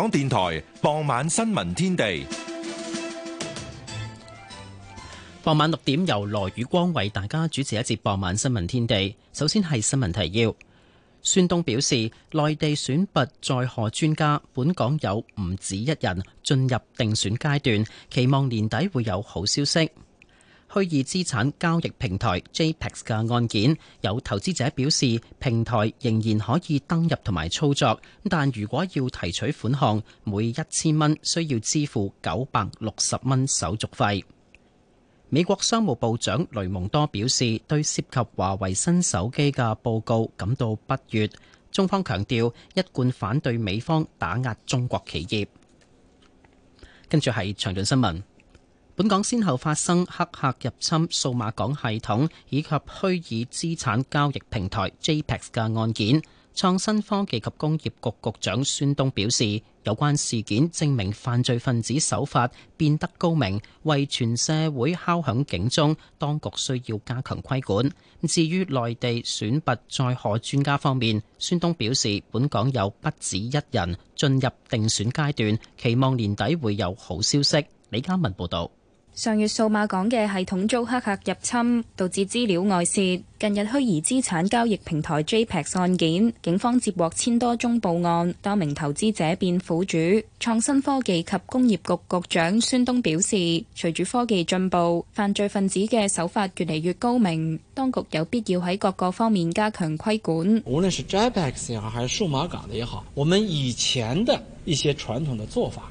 港電台傍晚新聞天地，傍晚六點由羅宇光為大家主持一節傍晚新聞天地。首先係新聞提要，孫東表示，內地選拔載荷專家，本港有唔止一人進入定選階段，期望年底會有好消息。虛擬資產交易平台 JPEX 嘅案件，有投資者表示平台仍然可以登入同埋操作，但如果要提取款項，每一千蚊需要支付九百六十蚊手續費。美國商務部長雷蒙多表示對涉及華為新手機嘅報告感到不悦，中方強調一貫反對美方打壓中國企業。跟住係長短新聞。本港先後發生黑客入侵數碼港系統以及虛擬資產交易平台 JPEX 嘅案件。創新科技及工業局局長孫東表示，有關事件證明犯罪分子手法變得高明，為全社會敲響警鐘，當局需要加強規管。至於內地選拔載荷專家方面，孫東表示，本港有不止一人進入定選階段，期望年底會有好消息。李嘉文報道。上月數碼港嘅系統遭黑客入侵，導致資料外洩。近日虛擬資產交易平台 JPEX 案件，警方接獲千多宗報案，多名投資者變苦主。創新科技及工業局局局長孫東表示，隨住科技進步，犯罪分子嘅手法越嚟越高明，當局有必要喺各個方面加強規管。無論是 JPEX 也好，還是數碼港的也好，我們以前的一些傳統的做法，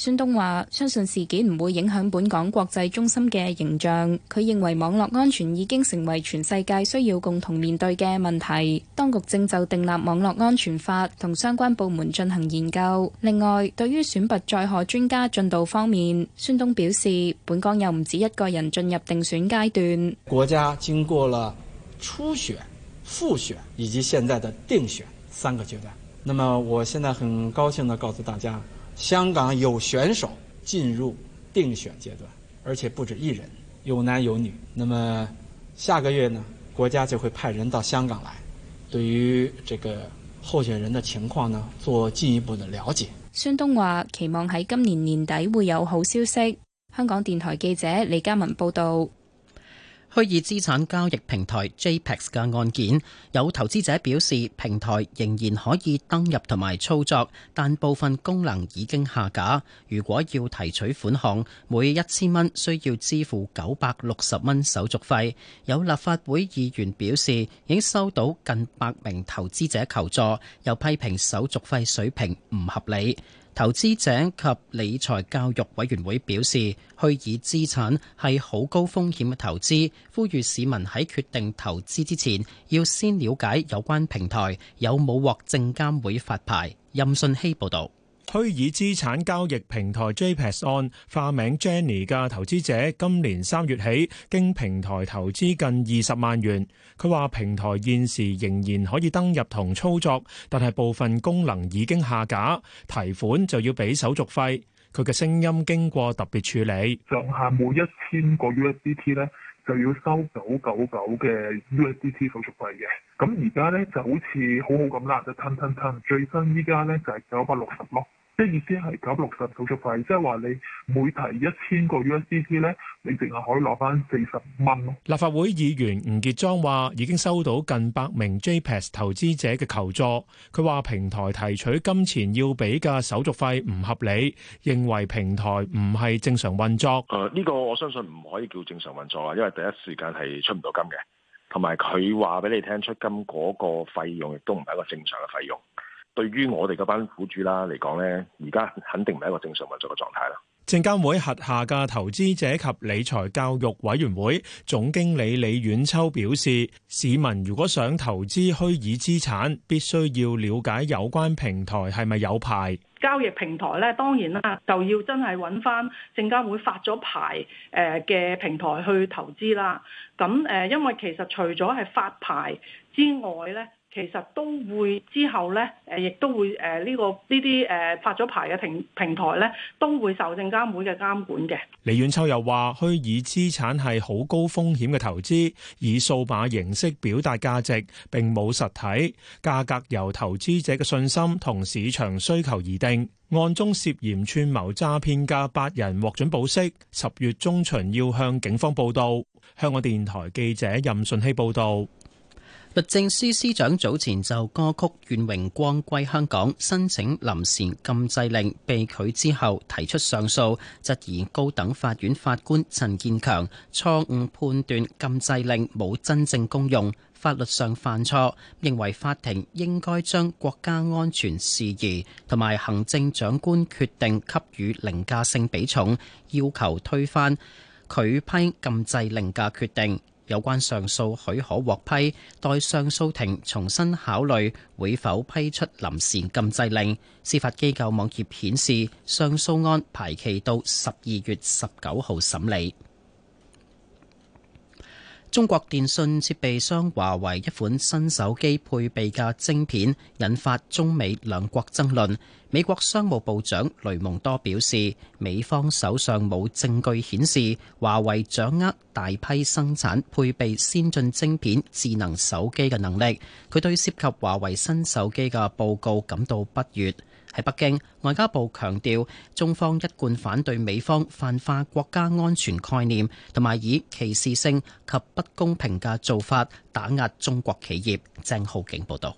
孫東話：相信事件唔會影響本港國際中心嘅形象。佢認為網絡安全已經成為全世界需要共同面對嘅問題。當局正就訂立網絡安全法同相關部門進行研究。另外，對於選拔載荷專家進度方面，孫東表示：本港又唔止一個人進入定選階段。國家經過了初選、複選以及現在的定選三個階段。那麼，我現在很高興地告訴大家。香港有選手進入定選階段，而且不止一人，有男有女。那麼下個月呢，國家就會派人到香港來，對於這個候選人的情況呢，做進一步的了解。孫東話：期望喺今年年底會有好消息。香港電台記者李嘉文報道。虛擬資產交易平台 JPEX 嘅案件，有投資者表示平台仍然可以登入同埋操作，但部分功能已經下架。如果要提取款項，每一千蚊需要支付九百六十蚊手續費。有立法會議員表示，已收到近百名投資者求助，又批評手續費水平唔合理。投資者及理財教育委員會表示，虛擬資產係好高風險嘅投資，呼籲市民喺決定投資之前要先了解有關平台有冇獲證監會發牌。任信希報導。虛擬資產交易平台 JPS 案，化名 Jenny 嘅投資者，今年三月起經平台投資近二十萬元。佢話平台現時仍然可以登入同操作，但係部分功能已經下架，提款就要俾手續費。佢嘅聲音經過特別處理，上下每一千個 USDT 咧就要收九九九嘅 USDT 手續費嘅。咁而家咧就好似好好咁啦，就吞吞吞，最新依家咧就係九百六十咯。即意思係九六十手續費，即係話你每提一千個 USDT 咧，你淨係可以攞翻四十蚊。立法會議員吳傑莊話已經收到近百名 JPEX 投資者嘅求助。佢話平台提取金錢要俾嘅手續費唔合理，認為平台唔係正常運作。誒，呢個我相信唔可以叫正常運作啊，因為第一時間係出唔到金嘅，同埋佢話俾你聽出金嗰個費用亦都唔係一個正常嘅費用。對於我哋嗰班苦主啦嚟講咧，而家肯定唔係一個正常運作嘅狀態啦。證監會轄下嘅投資者及理財教育委員會總經理李婉秋表示，市民如果想投資虛擬資產，必須要了解有關平台係咪有牌。交易平台咧，當然啦，就要真係揾返證監會發咗牌誒嘅平台去投資啦。咁誒，因為其實除咗係發牌之外咧。其實都會之後咧，誒亦都會誒、這、呢個呢啲誒發咗牌嘅平平台咧，都會受證監會嘅監管嘅。李遠秋又話：虛擬資產係好高風險嘅投資，以數碼形式表達價值，並冇實體，價格由投資者嘅信心同市場需求而定。案中涉嫌串謀詐騙嘅八人獲准保釋，十月中旬要向警方報到。香港電台記者任順希報導。律政司司長早前就歌曲《願榮光歸香港》申請臨時禁制令被拒之後提出上訴，質疑高等法院法官陳建強錯誤判斷禁制令冇真正公用，法律上犯錯，認為法庭應該將國家安全事宜同埋行政長官決定給予凌駕性比重，要求推翻拒批禁制令嘅決定。有關上訴許可獲批，待上訴庭重新考慮會否批出臨時禁制令。司法機構網頁顯示，上訴案排期到十二月十九號審理。中國電訊設備商華為一款新手機配備嘅晶片，引發中美兩國爭論。美國商務部長雷蒙多表示，美方手上冇證據顯示華為掌握大批生產配備先進晶片智能手機嘅能力。佢對涉及華為新手機嘅報告感到不悦。喺北京，外交部強調中方一貫反對美方泛化國家安全概念，同埋以歧視性及不公平嘅做法打壓中國企業。鄭浩景報道。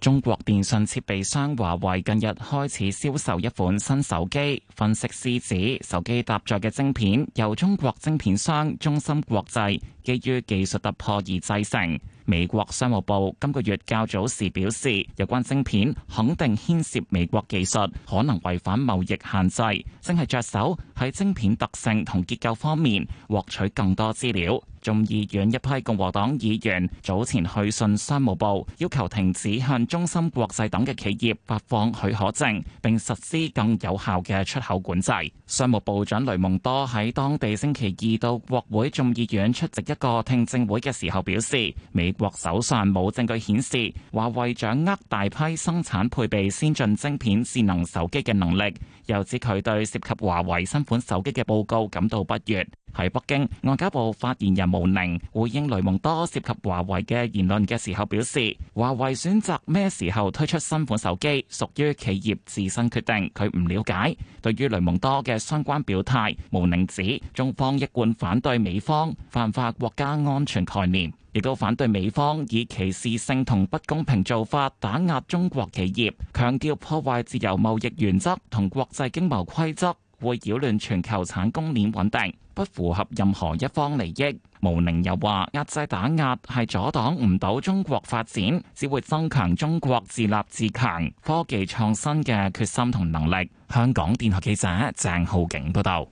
中國電信設備商華為近日開始銷售一款新手機，分析師指手機搭載嘅晶片由中國晶片商中芯國際基於技術突破而製成。美國商務部今個月較早時表示，有關晶片肯定牽涉美國技術，可能違反貿易限制，正係着手喺晶片特性同結構方面獲取更多資料。眾議院一批共和黨議員早前去信商務部，要求停止向中心國際等嘅企業發放許可證，並實施更有效嘅出口管制。商務部長雷蒙多喺當地星期二到國會眾議院出席一個聽證會嘅時候表示，美國手上冇證據顯示華為掌握大批生產配備先進晶片、智能手機嘅能力。又指佢對涉及華為新款手機嘅報告感到不悦。喺北京，外交部發言人毛寧回應雷蒙多涉及華為嘅言論嘅時候表示，華為選擇咩時候推出新款手機，屬於企業自身決定，佢唔了解。對於雷蒙多嘅相關表態，毛寧指中方一貫反對美方泛化國家安全概念。亦都反對美方以歧視性同不公平做法打壓中國企業，強調破壞自由貿易原則同國際經貿規則會擾亂全球產供鏈穩定，不符合任何一方利益。毛寧又話：壓制打壓係阻擋唔到中國發展，只會增強中國自立自強、科技創新嘅決心同能力。香港電台記者鄭浩景報道。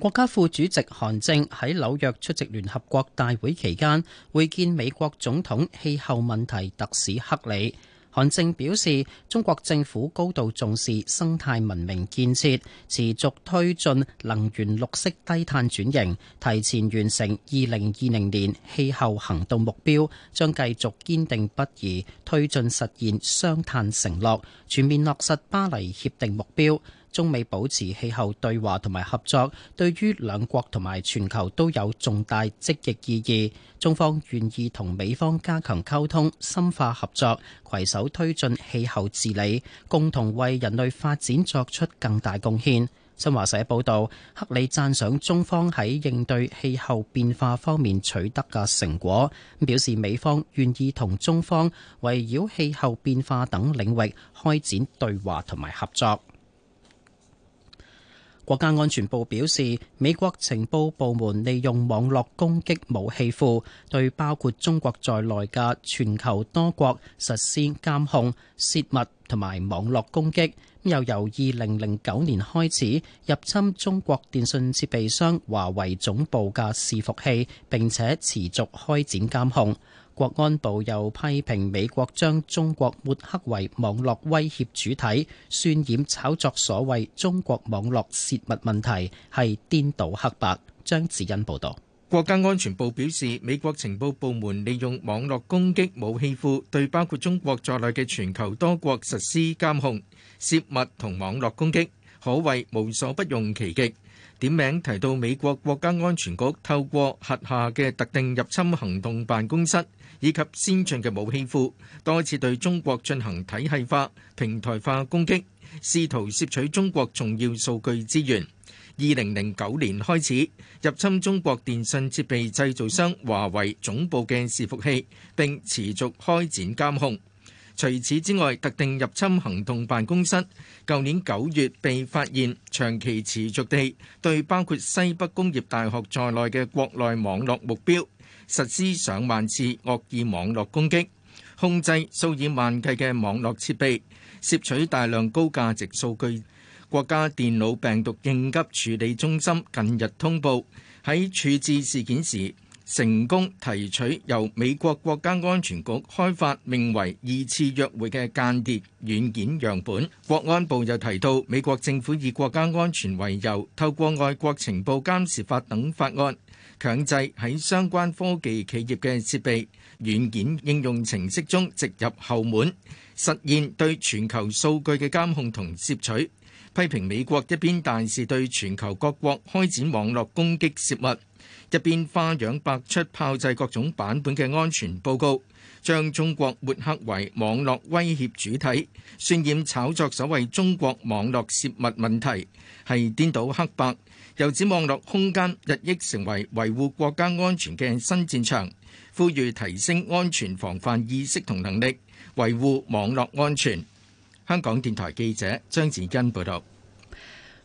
國家副主席韓正喺紐約出席聯合國大會期間會見美國總統氣候問題特使克里。韓正表示，中國政府高度重視生態文明建設，持續推進能源綠色低碳轉型，提前完成二零二零年氣候行動目標，將繼續堅定不移，推進實現雙碳承諾，全面落實巴黎協定目標。中美保持氣候對話同埋合作，對於兩國同埋全球都有重大積極意義，中方願意同美方加強溝通、深化合作，攜手推進氣候治理，共同為人類發展作出更大貢獻。新華社報道，克里讚賞中方喺應對氣候變化方面取得嘅成果，表示美方願意同中方圍繞氣候變化等領域開展對話同埋合作。國家安全部表示，美國情報部門利用網絡攻擊武器庫，對包括中國在內嘅全球多國實施監控、竊密同埋網絡攻擊。又由二零零九年開始入侵中國電信設備商華為總部嘅伺服器，並且持續開展監控。國安部又批評美國將中國抹黑為網絡威脅主體，渲染炒作所謂中國網絡泄密問題，係顛倒黑白。張子欣報道，國家安全部表示，美國情報部門利用網絡攻擊武器庫，對包括中國在內嘅全球多國實施監控、泄密同網絡攻擊，可謂無所不用其極。點名提到美國國家安全局透過轄下嘅特定入侵行動辦公室。以及先進嘅武器庫，多次對中國進行體系化、平台化攻擊，試圖竊取中國重要數據資源。二零零九年開始入侵中國電信設備製造商華為總部嘅伺服器，並持續開展監控。除此之外，特定入侵行動辦公室，舊年九月被發現，長期持續地對包括西北工業大學在內嘅國內網絡目標，實施上萬次惡意網絡攻擊，控制數以萬計嘅網絡設備，竊取大量高價值數據。國家電腦病毒應急處理中心近日通報，喺處置事件時成功提取由美國國家安全局開發、名為《二次約會》嘅間諜軟件樣本。國安部又提到，美國政府以國家安全為由，透過《外國情報監視法》等法案。強制喺相關科技企業嘅設備、軟件、應用程式中植入後門，實現對全球數據嘅監控同攝取。批評美國一邊大肆對全球各國開展網絡攻擊、竊密，一邊花樣百出炮製各種版本嘅安全報告，將中國抹黑為網絡威脅主體，渲染炒作所謂中國網絡竊密問題，係顛倒黑白。又指網絡空間日益成為維護國家安全嘅新戰場，呼籲提升安全防範意識同能力，維護網絡安全。香港電台記者張子欣報道，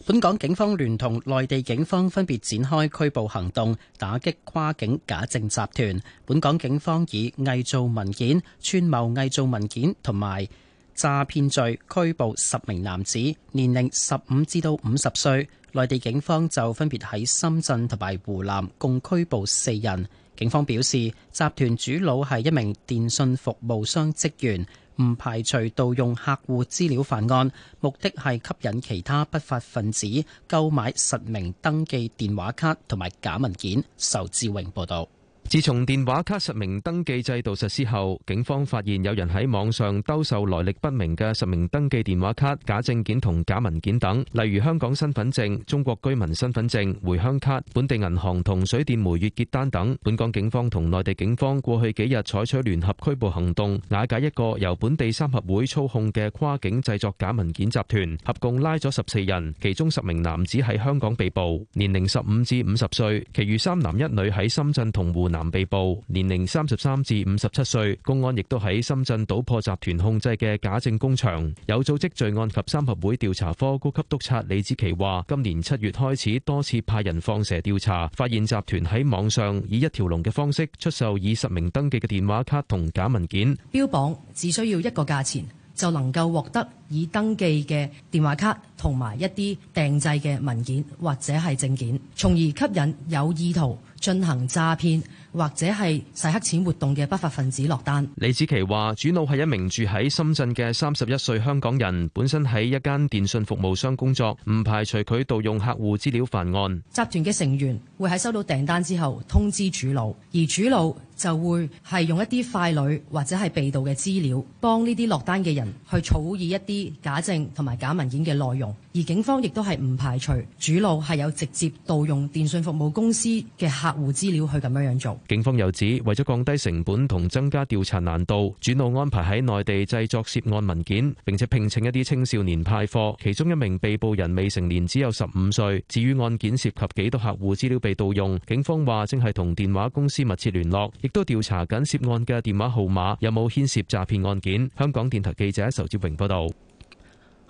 本港警方聯同內地警方分別展開拘捕行動，打擊跨境假證集團。本港警方以偽造文件、串謀偽造文件同埋詐騙罪拘捕十名男子，年齡十五至到五十歲。內地警方就分別喺深圳同埋湖南共拘捕四人。警方表示，集團主腦係一名電信服務商職員，唔排除盜用客戶資料犯案，目的係吸引其他不法分子購買實名登記電話卡同埋假文件。仇志榮報道。自從電話卡實名登記制度實施後，警方發現有人喺網上兜售來歷不明嘅實名登記電話卡、假證件同假文件等，例如香港身份證、中國居民身份證、回鄉卡、本地銀行同水電煤月結單等。本港警方同內地警方過去幾日採取聯合拘捕行動，瓦解一個由本地三合會操控嘅跨境製作假文件集團，合共拉咗十四人，其中十名男子喺香港被捕，年齡十五至五十歲，其餘三男一女喺深圳同湖南。被捕，年齡三十三至五十七歲。公安亦都喺深圳搗破集團控制嘅假證工場。有組織罪案及三合會調查科高級督察李子琪話，今年七月開始多次派人放蛇調查，發現集團喺網上以一條龍嘅方式出售以實名登記嘅電話卡同假文件，標榜只需要一個價錢就能夠獲得已登記嘅電話卡同埋一啲訂製嘅文件或者係證件，從而吸引有意圖進行詐騙。或者係洗黑錢活動嘅不法分子落單。李子琪話：主腦係一名住喺深圳嘅三十一歲香港人，本身喺一間電信服務商工作，唔排除佢盜用客戶資料犯案。集團嘅成員會喺收到訂單之後通知主腦，而主腦。就會係用一啲傀儡或者係被盜嘅資料，幫呢啲落單嘅人去草擬一啲假證同埋假文件嘅內容。而警方亦都係唔排除主腦係有直接盜用電訊服務公司嘅客戶資料去咁樣樣做。警方又指，為咗降低成本同增加調查難度，主腦安排喺內地製作涉案文件，並且聘請一啲青少年派貨。其中一名被捕人未成年，只有十五歲。至於案件涉及幾多客戶資料被盜用，警方話正係同電話公司密切聯絡。亦都調查緊涉案嘅電話號碼有冇牽涉詐騙案件。香港電台記者仇志榮報道。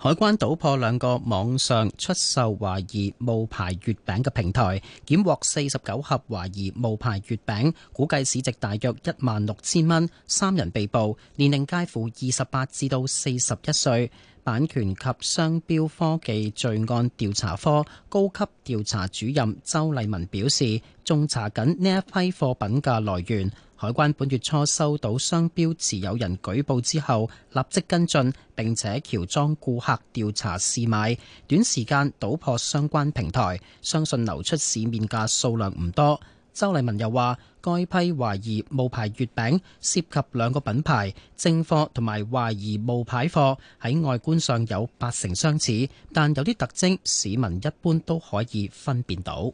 海關搗破兩個網上出售懷疑冒牌月餅嘅平台，檢獲四十九盒懷疑冒牌月餅，估計市值大約一萬六千蚊，三人被捕，年齡介乎二十八至到四十一歲。版權及商標科技罪案調查科高級調查主任周麗文表示，仲查緊呢一批貨品嘅來源。海關本月初收到商標持有人舉報之後，立即跟進，並且喬裝顧客調查試買，短時間搗破相關平台，相信流出市面嘅數量唔多。周麗文又話，該批懷疑冒牌月餅涉及兩個品牌，正貨同埋懷疑冒牌貨喺外觀上有八成相似，但有啲特徵市民一般都可以分辨到。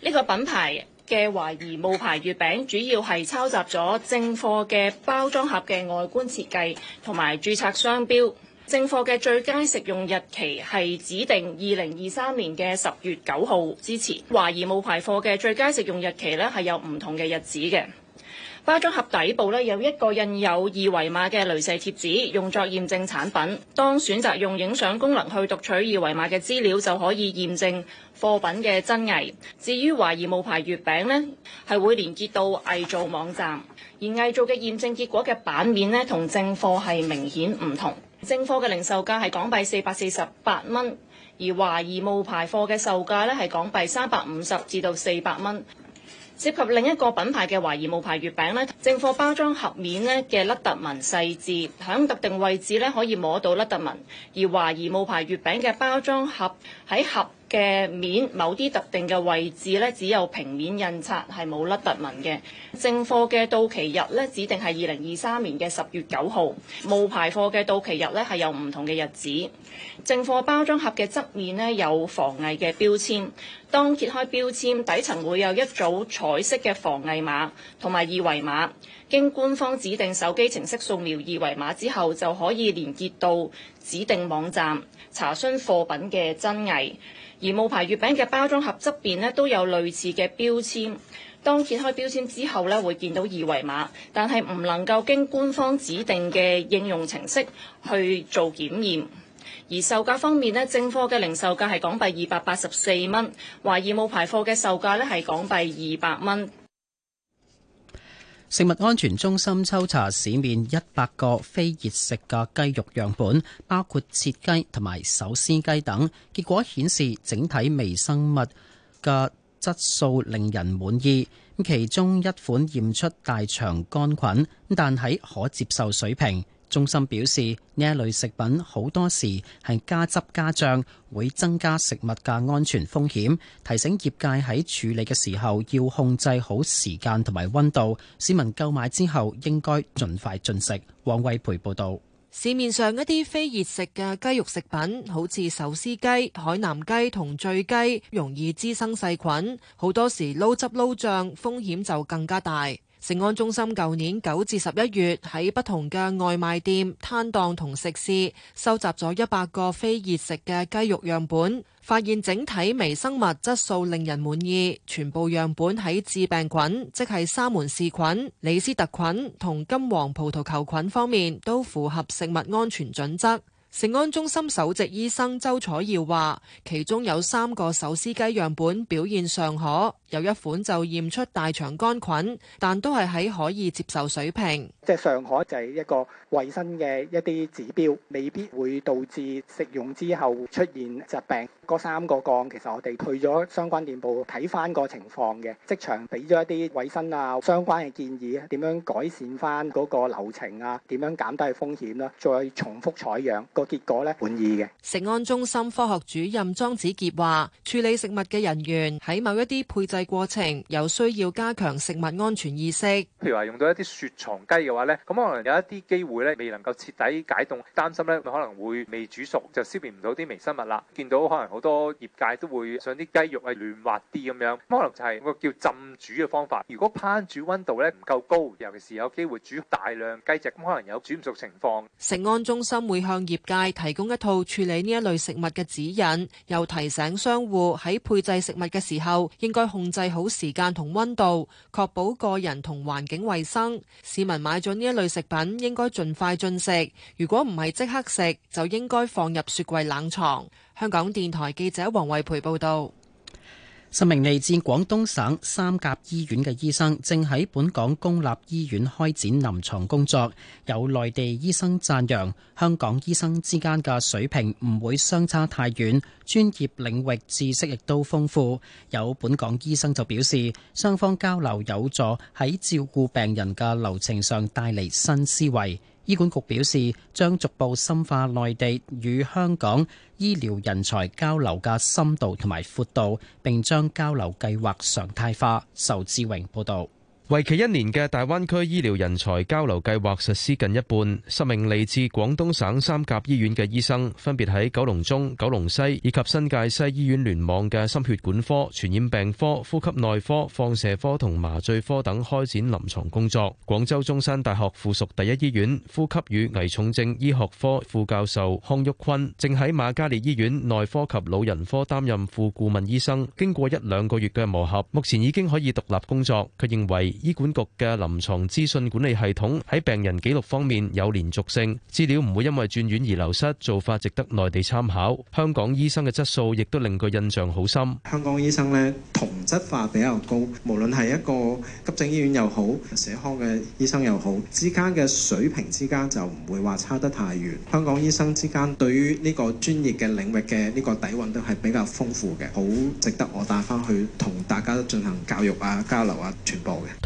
呢個品牌嘅懷疑冒牌月餅，主要係抄襲咗正貨嘅包裝盒嘅外觀設計，同埋註冊商標。正貨嘅最佳食用日期係指定二零二三年嘅十月九號之前，懷疑冒牌貨嘅最佳食用日期咧係有唔同嘅日子嘅。包裝盒底部咧有一個印有二維碼嘅雷射貼紙，用作驗證產品。當選擇用影相功能去讀取二維碼嘅資料，就可以驗證貨品嘅真偽。至於懷疑冒牌月餅呢，係會連結到偽造網站，而偽造嘅驗證結果嘅版面呢，同正貨係明顯唔同。正貨嘅零售價係港幣四百四十八蚊，而懷疑冒牌貨嘅售價呢，係港幣三百五十至到四百蚊。涉及另一個品牌嘅懷疑冒牌月餅咧，正貨包裝盒面咧嘅凹凸紋細緻，喺特定位置咧可以摸到凹凸紋，而懷疑冒牌月餅嘅包裝盒喺盒嘅面某啲特定嘅位置咧只有平面印刷，係冇凹凸紋嘅。正貨嘅到期日咧指定係二零二三年嘅十月九號，冒牌貨嘅到期日咧係有唔同嘅日子。正貨包裝盒嘅側面咧有防偽嘅標籤。當揭開標籤，底層會有一組彩色嘅防偽碼同埋二維碼，經官方指定手機程式掃描二維碼之後，就可以連結到指定網站查詢貨品嘅真偽。而冒牌月餅嘅包裝盒側邊咧都有類似嘅標籤，當揭開標籤之後咧會見到二維碼，但係唔能夠經官方指定嘅應用程式去做檢驗。而售價方面咧，正貨嘅零售價係港幣二百八十四蚊，懷疑冇牌貨嘅售價咧係港幣二百蚊。食物安全中心抽查市面一百個非熱食嘅雞肉樣本，包括切雞同埋手撕雞等，結果顯示整體微生物嘅質素令人滿意。其中一款驗出大腸桿菌，但喺可接受水平。中心表示，呢一類食品好多時係加汁加醬，會增加食物嘅安全風險，提醒業界喺處理嘅時候要控制好時間同埋溫度，市民購買之後應該盡快進食。黃惠培報道。市面上一啲非熱食嘅雞肉食品，好似手撕雞、海南雞同醉雞容易滋生細菌，好多時撈汁撈醬，風險就更加大。食安中心舊年九至十一月喺不同嘅外賣店、攤檔同食肆收集咗一百個非熱食嘅雞肉樣本，發現整體微生物質素令人滿意，全部樣本喺致病菌，即係沙門氏菌、李斯特菌同金黃葡萄球菌方面都符合食物安全準則。食安中心首席醫生周彩耀話，其中有三個手撕雞樣本表現尚可，有一款就驗出大腸桿菌，但都係喺可以接受水平。即係尚可就係一個衞生嘅一啲指標，未必會導致食用之後出現疾病。嗰三個檔，其實我哋去咗相關店鋪睇翻個情況嘅，職場俾咗一啲衞生啊相關嘅建議，點樣改善翻嗰個流程啊，點樣減低風險啦，再重複採樣，個結果咧滿意嘅。食安中心科學主任莊子傑話，處理食物嘅人員喺某一啲配製過程有需要加強食物安全意識。譬如話用到一啲雪藏雞嘅話咧，咁可能有一啲機會咧未能夠徹底解凍，擔心咧可能會未煮熟就消滅唔到啲微生物啦。見到可能，好多業界都會想啲雞肉係嫩滑啲咁樣，咁可能就係個叫浸煮嘅方法。如果烹煮溫度咧唔夠高，尤其是有機會煮大量雞隻，咁可能有煮唔熟情況。食安中心會向業界提供一套處理呢一類食物嘅指引，又提醒商戶喺配製食物嘅時候應該控制好時間同溫度，確保個人同環境衛生。市民買咗呢一類食品應該盡快進食，如果唔係即刻食，就應該放入雪櫃冷藏。香港電台記者王慧培報道：十名嚟自廣東省三甲醫院嘅醫生正喺本港公立醫院開展臨床工作。有內地醫生讚揚香港醫生之間嘅水平唔會相差太遠，專業領域知識亦都豐富。有本港醫生就表示，雙方交流有助喺照顧病人嘅流程上帶嚟新思維。醫管局表示，將逐步深化內地與香港醫療人才交流嘅深度同埋闊度，並將交流計劃常態化。仇志榮報導。為期一年嘅大灣區醫療人才交流計劃實施近一半，十名嚟自廣東省三甲醫院嘅醫生，分別喺九龍中、九龍西以及新界西醫院聯網嘅心血管科、傳染病科、呼吸內科、放射科同麻醉科等開展臨牀工作。廣州中山大學附屬第一醫院呼吸與危重症醫學科副教授康玉坤正喺瑪嘉烈醫院內科及老人科擔任副顧問醫生，經過一兩個月嘅磨合，目前已經可以獨立工作。佢認為。醫管局嘅臨床資訊管理系統喺病人記錄方面有連續性，資料唔會因為轉院而流失，做法值得內地參考。香港醫生嘅質素亦都令佢印象好深。香港醫生呢，同質化比較高，無論係一個急症醫院又好，社康嘅醫生又好，之間嘅水平之間就唔會話差得太遠。香港醫生之間對於呢個專業嘅領域嘅呢個底蘊都係比較豐富嘅，好值得我帶翻去同大家進行教育啊、交流啊、傳播嘅。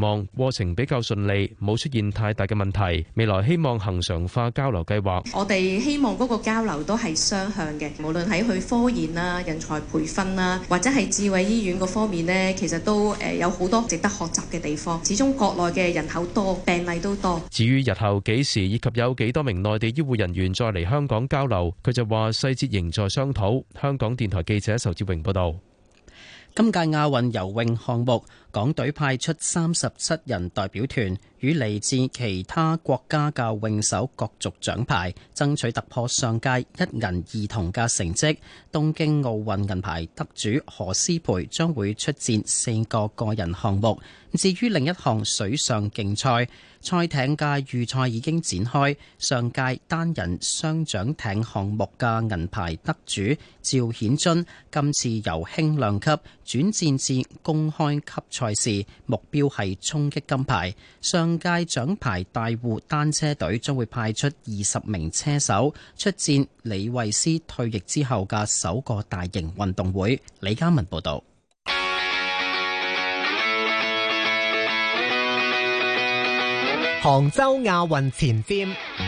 望過程比較順利，冇出現太大嘅問題。未來希望恒常化交流計劃。我哋希望嗰個交流都係雙向嘅，無論喺去科研啊、人才培訓啦，或者係智慧醫院嗰方面咧，其實都誒有好多值得學習嘅地方。始終國內嘅人口多，病例都多。至於日後幾時以及有幾多名內地醫護人員再嚟香港交流，佢就話細節仍在商討。香港電台記者仇志榮報道。今屆亞運游泳項目。港隊派出三十七人代表團，與嚟自其他國家嘅泳手角逐獎牌，爭取突破上屆一銀二銅嘅成績。東京奧運銀牌得主何詩蓓將會出戰四個個人項目。至於另一項水上競賽，賽艇嘅預賽已經展開。上屆單人雙槳艇項目嘅銀牌得主趙顯津，今次由輕量級轉戰至公開級。賽事目標係衝擊金牌。上屆獎牌大戶，單車隊將會派出二十名車手出戰李慧詩退役之後嘅首個大型運動會。李嘉文報道。杭州亞運前瞻。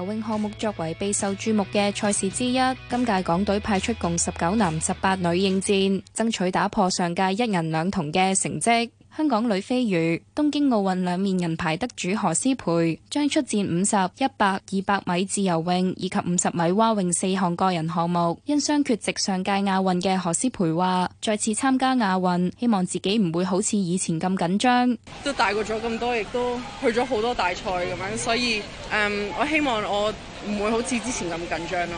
游泳項目作為備受注目嘅賽事之一，今屆港隊派出共十九男十八女應戰，爭取打破上屆一銀兩銅嘅成績。香港女飛魚、東京奧運兩面銀牌得主何詩蓓將出戰五十、一百、二百米自由泳以及五十米蛙泳四項個人項目。因傷缺席上屆亞運嘅何詩蓓話：再次參加亞運，希望自己唔會好似以前咁緊張。都大過咗咁多，亦都去咗好多大賽咁樣，所以，um, 我希望我唔會好似之前咁緊張咯。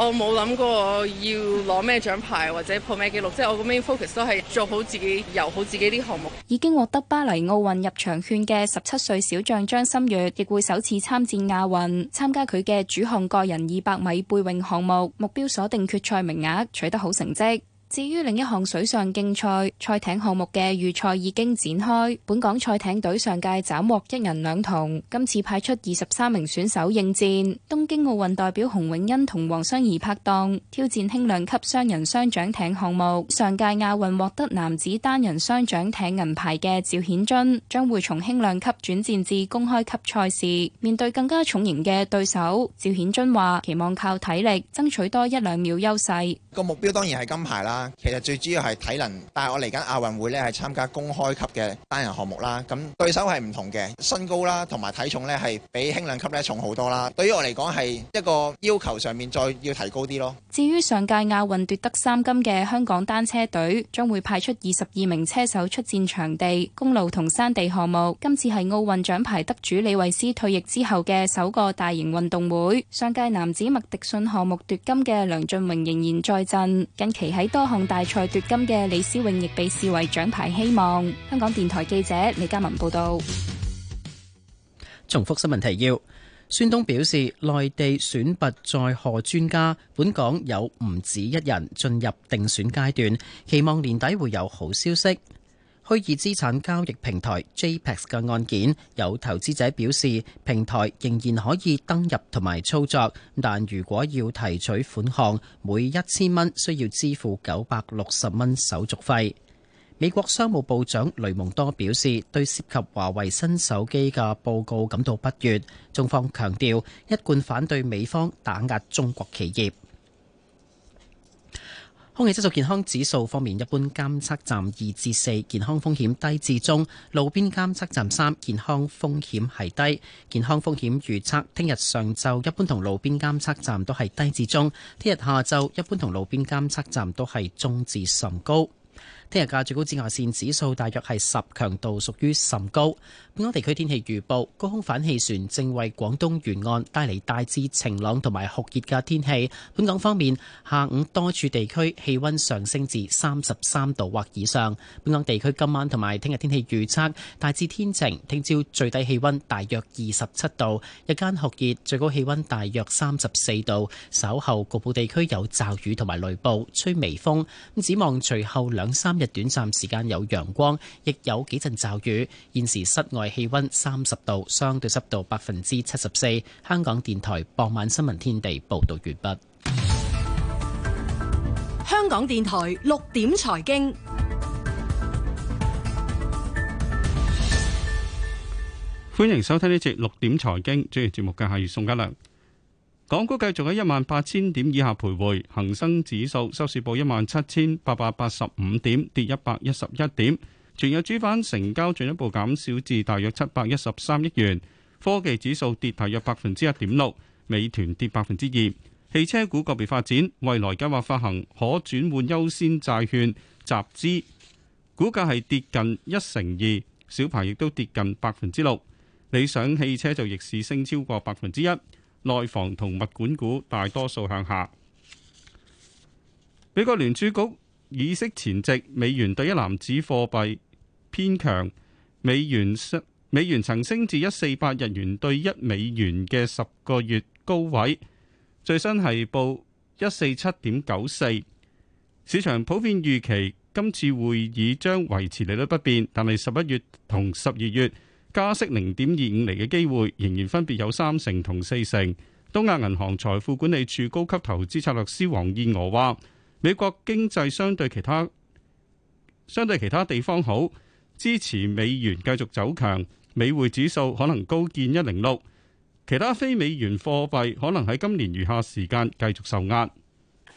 我冇諗過要攞咩獎牌或者破咩紀錄，即係我個 main focus 都係做好自己，游好自己啲項目。已經獲得巴黎奧運入場券嘅十七歲小將張心悅，亦會首次參戰亞運，參加佢嘅主項個人二百米背泳項目，目標鎖定決賽名額，取得好成績。至於另一項水上競賽，賽艇項目嘅預賽已經展開。本港賽艇隊上屆斬獲一人兩銅，今次派出二十三名選手應戰。東京奧運代表洪永恩同黃雙怡拍檔挑戰輕量級雙人雙槳艇項目。上屆亞運獲得男子單人雙槳艇銀牌嘅趙顯臻將會從輕量級轉戰至公開級賽事，面對更加重型嘅對手。趙顯臻話：期望靠體力爭取多一兩秒優勢。個目標當然係金牌啦。其實最主要係體能，但係我嚟緊亞運會咧係參加公開級嘅單人項目啦。咁對手係唔同嘅，身高啦同埋體重咧係比輕量級咧重好多啦。對於我嚟講係一個要求上面再要提高啲咯。至於上屆亞運奪得三金嘅香港單車隊將會派出二十二名車手出戰場地、公路同山地項目。今次係奧運獎牌得主李慧詩退役之後嘅首個大型運動會。上屆男子麥迪遜項目奪金嘅梁峻榮仍然在陣，近期喺多。項大賽奪金嘅李思穎亦被視為獎牌希望。香港電台記者李嘉文報道。重複新聞提要：孫東表示，內地選拔載荷專家，本港有唔止一人進入定選階段，期望年底會有好消息。虛擬資產交易平台 JPEX 嘅案件，有投資者表示平台仍然可以登入同埋操作，但如果要提取款項，每一千蚊需要支付九百六十蚊手續費。美國商務部長雷蒙多表示對涉及華為新手機嘅報告感到不悦，中方強調一貫反對美方打壓中國企業。空氣質素健康指數方面，一般監測站二至四，健康風險低至中；路邊監測站三，健康風險係低。健康風險預測：聽日上晝一般同路邊監測站都係低至中；聽日下晝一般同路邊監測站都係中至甚高。聽日嘅最高紫外線指數大約係十，強度屬於甚高。本港地區天氣預報：高空反氣旋正為廣東沿岸帶嚟大致晴朗同埋酷熱嘅天氣。本港方面，下午多處地區氣溫上升至三十三度或以上。本港地區今晚同埋聽日天氣預測，大致天晴，聽朝最低氣溫大約二十七度，日間酷熱，最高氣溫大約三十四度。稍後局部地區有驟雨同埋雷暴，吹微風。展望隨後兩三日短暫時間有陽光，亦有幾陣驟雨。現時室外。氣溫三十度，相對濕度百分之七十四。香港電台傍晚新聞天地報道完畢。香港電台六點財經，歡迎收聽呢節六點財經，主持節目嘅係宋家良。港股繼續喺一萬八千點以下徘徊，恒生指數收市報一萬七千八百八十五點，跌一百一十一點。全日主板成交進一步減少至大約七百一十三億元，科技指數跌大約百分之一點六，美團跌百分之二，汽車股個別發展，蔚來計劃發行可轉換優先債券集資，股價係跌近一成二，小鵬亦都跌近百分之六，理想汽車就逆市升超過百分之一，內房同物管股大多數向下，美國聯儲局議息前夕，美元兌一籃子貨幣，偏強美元，美元曾升至一四八日元兌一美元嘅十個月高位，最新係報一四七點九四。市場普遍預期今次會議將維持利率不變，但係十一月同十二月加息零點二五厘嘅機會仍然分別有三成同四成。東亞銀行財富管理處高級投資策略師黃燕娥話美國經濟相對其他相對其他地方好，支持美元繼續走強，美匯指數可能高見一零六。其他非美元貨幣可能喺今年餘下時間繼續受壓。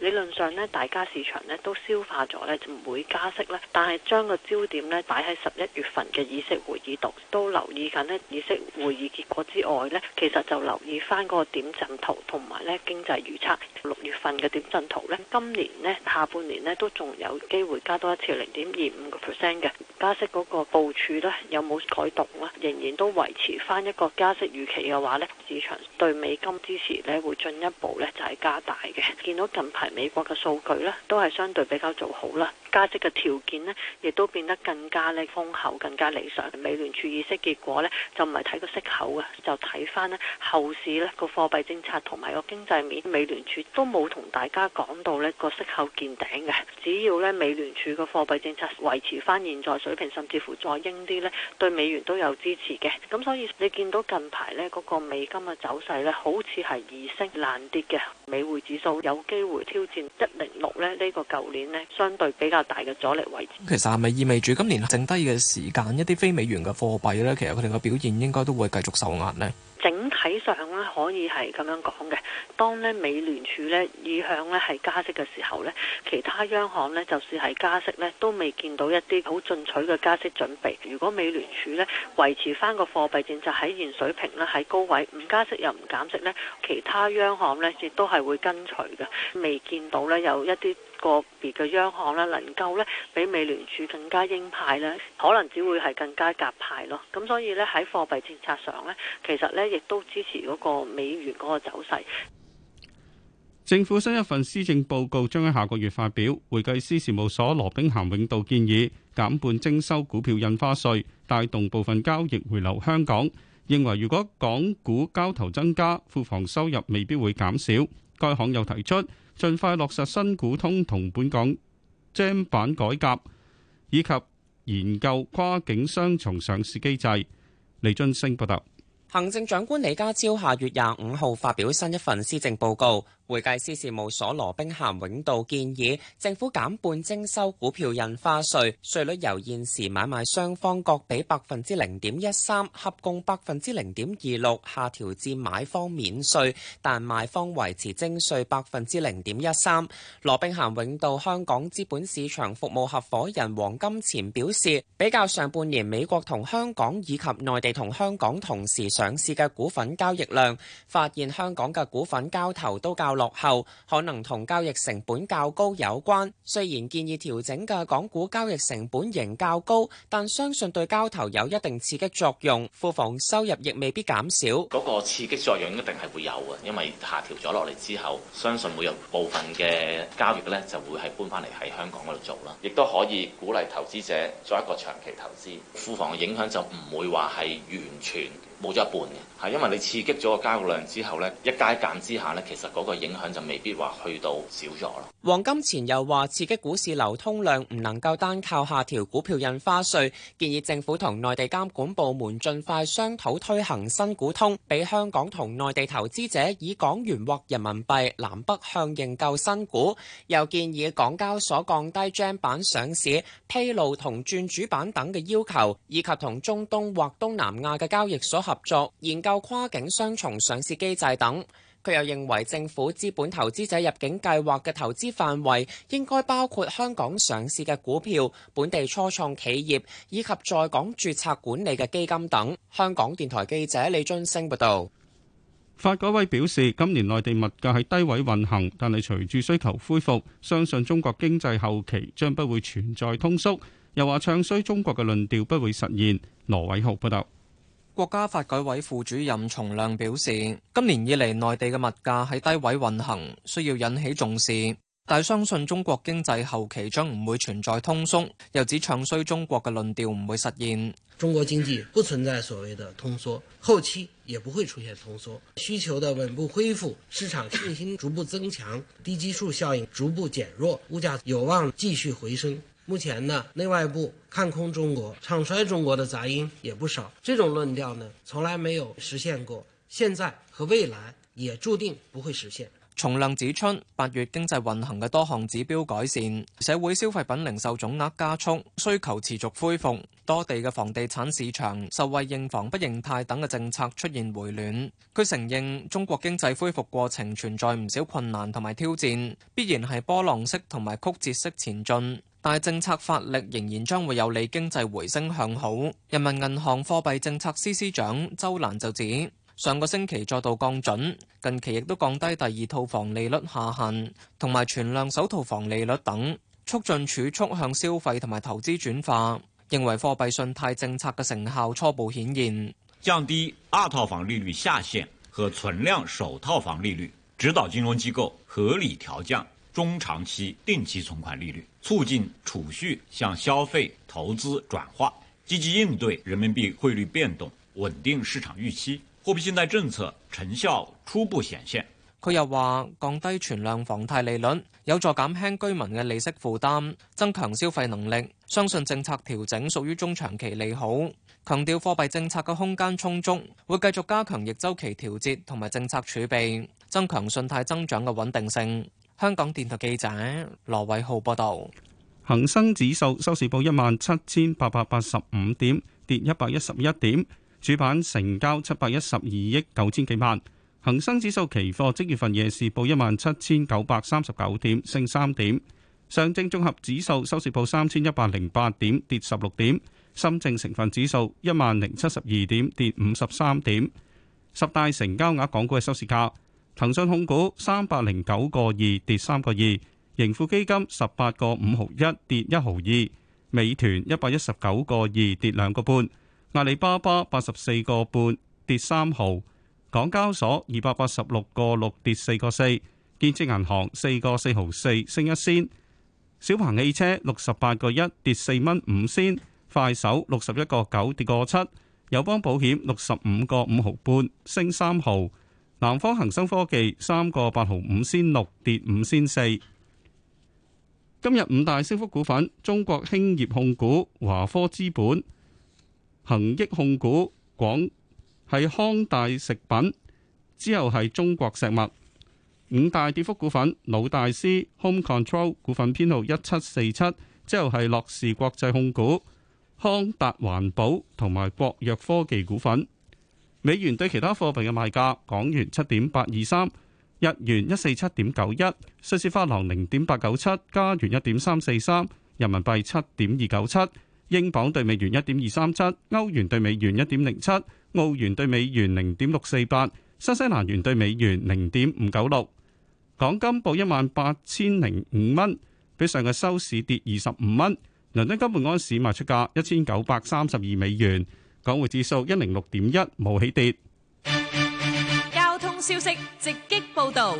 理論上咧，大家市場咧都消化咗咧，就唔會加息咧。但係將個焦點咧擺喺十一月份嘅議息會議度，都留意緊咧議息會議結果之外咧，其實就留意翻嗰個點陣圖同埋咧經濟預測，六月份嘅點陣圖咧。今年咧下半年咧都仲有機會加多一次零點二五個 percent 嘅加息嗰個部署咧，有冇改動咧？仍然都維持翻一個加息預期嘅話咧，市場對美金支持咧會進一步咧就係加大嘅。見到近排。美國嘅數據呢，都係相對比較做好啦。加息嘅條件呢，亦都變得更加呢豐厚、更加理想。美聯儲議息結果呢，就唔係睇個息口啊，就睇翻呢後市呢個貨幣政策同埋個經濟面。美聯儲都冇同大家講到呢個息口見頂嘅，只要呢美聯儲嘅貨幣政策維持翻現在水平，甚至乎再鷹啲呢，對美元都有支持嘅。咁所以你見到近排呢嗰個美金嘅走勢呢，好似係易升難跌嘅，美匯指數有機會挑戰一零六呢，呢個舊年呢相對比較大嘅阻力位置，其實係咪意味住今年剩低嘅時間，一啲非美元嘅貨幣咧，其實佢哋嘅表現應該都會繼續受壓咧？整體上咧可以係咁樣講嘅，當呢美聯儲呢意向呢係加息嘅時候呢，其他央行呢就算係加息呢都未見到一啲好進取嘅加息準備。如果美聯儲呢維持翻個貨幣政策喺現水平呢，喺高位唔加息又唔減息呢，其他央行呢亦都係會跟隨嘅。未見到呢有一啲個別嘅央行呢能夠呢比美聯儲更加鷹派呢，可能只會係更加鴿派咯。咁所以呢，喺貨幣政策上呢，其實呢。亦都支持嗰個美元嗰個走勢。政府新一份施政報告將喺下個月發表。會計師事務所羅兵咸永道建議減半徵收股票印花稅，帶動部分交易回流香港。認為如果港股交投增加，庫房收入未必會減少。該行又提出盡快落實新股通同本港 GEM 板改革，以及研究跨境雙重上市機制。李津升報道。行政長官李家超下月廿五號發表新一份施政報告，會計師事務所羅兵咸永道建議政府減半徵收股票印花稅，稅率由現時買賣雙方各俾百分之零點一三，合共百分之零點二六，下調至買方免稅，但賣方維持徵稅百分之零點一三。羅兵咸永道香港資本市場服務合夥人黃金錢表示，比較上半年美國同香港以及內地同香港同時，上市嘅股份交易量，發現香港嘅股份交投都較落後，可能同交易成本較高有關。雖然建議調整嘅港股交易成本仍較高，但相信對交投有一定刺激作用。庫房收入亦未必減少，嗰個刺激作用一定係會有嘅，因為下調咗落嚟之後，相信會有部分嘅交易咧就會係搬翻嚟喺香港嗰度做啦，亦都可以鼓勵投資者作一個長期投資。庫房嘅影響就唔會話係完全。冇咗一半嘅，係因為你刺激咗個交易量之後咧，一加減之下咧，其實嗰個影響就未必話去到少咗咯。黃金前又話刺激股市流通量唔能夠單靠下調股票印花稅，建議政府同內地監管部門盡快商討推行新股通，俾香港同內地投資者以港元或人民幣南北向認購新股。又建議港交所降低 GEM 板上市披露同轉主板等嘅要求，以及同中東或東南亞嘅交易所合作研究跨境雙重上市機制等，佢又認為政府資本投資者入境計劃嘅投資範圍應該包括香港上市嘅股票、本地初創企業以及在港注冊管理嘅基金等。香港電台記者李津星報道。發改委表示，今年內地物價喺低位運行，但係隨住需求恢復，相信中國經濟後期將不會存在通縮。又話唱衰中國嘅論調不會實現。羅偉豪報道。國家發改委副主任叢亮表示，今年以嚟內地嘅物價喺低位運行，需要引起重視。但相信中國經濟後期將唔會存在通縮，又指唱衰中國嘅論調唔會實現。中國經濟不存在所謂的通縮，後期也不會出現通縮。需求的穩步恢復，市場信心逐步增強，低基數效應逐步減弱，物價有望繼續回升。目前呢，內外部看空中國、唱衰中國的雜音也不少。這種論調呢，從來沒有實現過，現在和未來也注定不會實現。叢亮指出，八月經濟運行嘅多項指標改善，社會消費品零售總額加速，需求持續恢復，多地嘅房地產市場受惠認房不認貸等嘅政策出現回暖。佢承認，中國經濟恢復過程存在唔少困難同埋挑戰，必然係波浪式同埋曲折式前進。但政策發力仍然將會有利經濟回升向好。人民銀行貨幣政策司司長周蘭就指，上個星期再度降準，近期亦都降低第二套房利率下限同埋存量首套房利率等，促進儲蓄向消費同埋投資轉化。認為貨幣信貸政策嘅成效初步顯現，降低二套房利率下限和存量首套房利率，指導金融機構合理調降。中長期定期存款利率，促進儲蓄向消費投資轉化，積極應對人民幣匯率變動，穩定市場預期。貨幣信貸政策成效初步顯現。佢又話降低存量房貸利率，有助減輕居民嘅利息負擔，增強消費能力。相信政策調整屬於中長期利好。強調貨幣政策嘅空間充足，會繼續加強逆周期調節同埋政策儲備，增強信貸增長嘅穩定性。香港電台記者羅偉浩報道：恒生指數收市報一萬七千八百八十五點，跌一百一十一點；主板成交七百一十二億九千幾萬。恒生指數期貨即月份夜市報一萬七千九百三十九點，升三點。上證綜合指數收市報三千一百零八點，跌十六點。深證成分指數一萬零七十二點，跌五十三點。十大成交額港股嘅收市價。騰訊控股三百零九個二跌三個二，盈富基金十八個五毫一跌一毫二，美團一百一十九個二跌兩個半，阿里巴巴八十四個半跌三毫，港交所二百八十六個六跌四個四，建設銀行四個四毫四升一仙，小鵬汽車六十八個一跌四蚊五仙，快手六十一個九跌個七，友邦保險六十五個五毫半升三毫。南方恒生科技三個八毫五仙六跌五仙四。今日五大升幅股份：中國興業控股、華科資本、恒益控股、廣係康大食品，之後係中國石墨。五大跌幅股份：老大師 Home Control 股份編號一七四七，之後係樂視國際控股、康達環保同埋國藥科技股份。美元對其他貨幣嘅賣價：港元七點八二三，日元一四七點九一，瑞士法郎零點八九七，加元一點三四三，人民幣七點二九七，英鎊對美元一點二三七，歐元對美元一點零七，澳元對美元零點六四八，新西蘭元對美元零點五九六。港金報一萬八千零五蚊，比上個收市跌二十五蚊。倫敦金本安士賣出價一千九百三十二美元。港匯指數一零六點一，冇起跌。交通消息，直擊報道。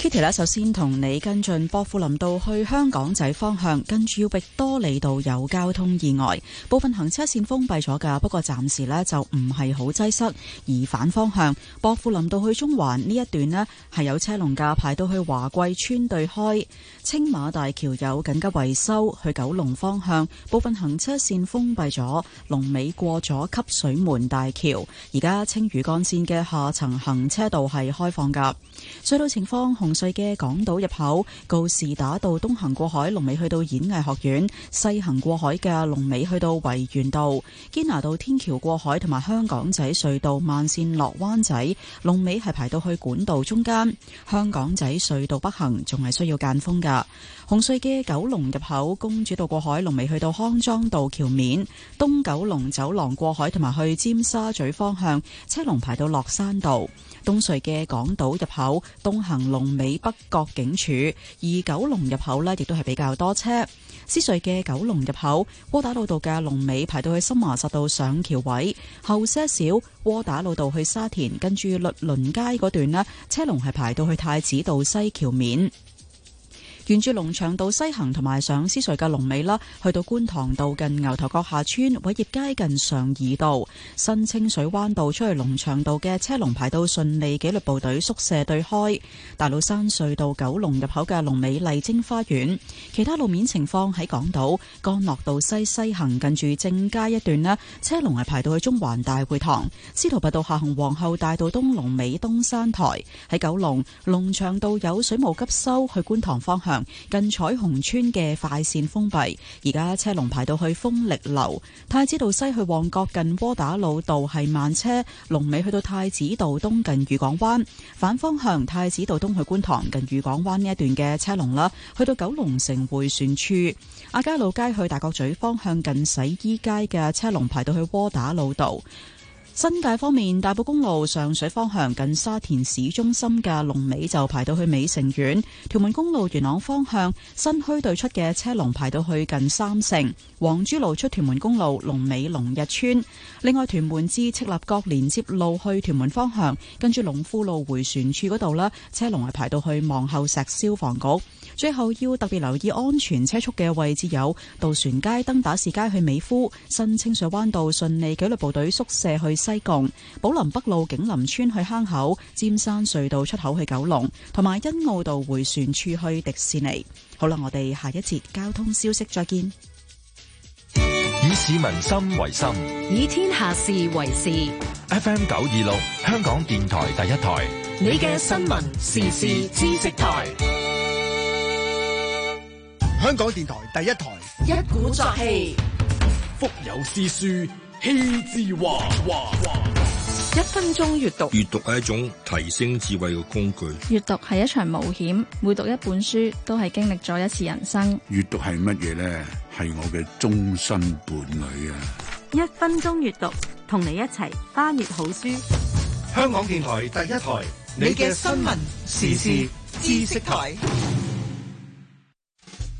Kitty 咧，首先同你跟進薄扶林道去香港仔方向，跟住要域多利道有交通意外，部分行車線封閉咗噶，不過暫時咧就唔係好擠塞。而反方向，薄扶林道去中環呢一段咧係有車龍噶，排到去華貴邨對開。青馬大橋有緊急維修，去九龍方向部分行車線封閉咗，龍尾過咗汲水門大橋，而家青嶼幹線嘅下層行車道係開放噶。隧道情況，洪隧嘅港島入口，告士打道東行過海龍尾去到演藝學院，西行過海嘅龍尾去到維園道，堅拿道天橋過海同埋香港仔隧道慢線落灣仔龍尾係排到去管道中間，香港仔隧道北行仲係需要間風噶。洪隧嘅九龍入口，公主道過海龍尾去到康莊道橋面，東九龍走廊過海同埋去尖沙咀方向車龍排到落山道。東隧嘅港島入口東行龍尾北角警署，而九龍入口呢，亦都係比較多車。獅隧嘅九龍入口窩打老道嘅龍尾排到去森麻實道上橋位，後車少。窩打老道去沙田跟住律倫街嗰段咧，車龍係排到去太子道西橋面。沿住龍翔道西行同埋上獅隧嘅龍尾啦，去到觀塘道近牛頭角下村，偉業街近上怡道、新清水灣道出去龍翔道嘅車龍排到順利紀律部隊宿舍對開，大老山隧道九龍入口嘅龍尾麗晶花園。其他路面情況喺港島干諾道西西行近住正街一段咧，車龍係排到去中環大會堂。司徒拔道下行皇后大道東龍尾東山台。喺九龍龍翔道有水務急收去觀塘方向。近彩虹村嘅快綫封閉，而家車龍排到去豐力樓。太子道西去旺角近窩打老道係慢車，龍尾去到太子道東近御港灣。反方向太子道東去觀塘近御港灣呢一段嘅車龍啦，去到九龍城迴旋處，亞皆老街去大角咀方向近洗衣街嘅車龍排到去窩打老道。新界方面，大埔公路上水方向近沙田市中心嘅龍尾就排到去美城苑；屯門公路元朗方向新墟對出嘅車龍排到去近三成；黃珠路出屯門公路龍尾龍日村；另外屯門至赤鱲角連接路去屯門方向，跟住龍富路回旋處嗰度咧，車龍係排到去望后石消防局。最後要特別留意安全車速嘅位置有渡船街、登打士街去美孚、新清水灣道、順利紀律部隊宿舍去西貢、寶林北路景林村去坑口、尖山隧道出口去九龍，同埋欣澳道回旋處去迪士尼。好啦，我哋下一節交通消息再見。以市民心為心，以天下事為事。FM 九二六，香港電台第一台，你嘅新聞時事知識台。香港電台第一台，一鼓作氣，腹有詩書氣自華。之華華華一分鐘閱讀，閱讀係一種提升智慧嘅工具。閱讀係一場冒險，每讀一本書都係經歷咗一次人生。閱讀係乜嘢咧？係我嘅終身伴侶啊！一分鐘閱讀，同你一齊翻閱好書。香港電台第一台，你嘅新聞時事知識台。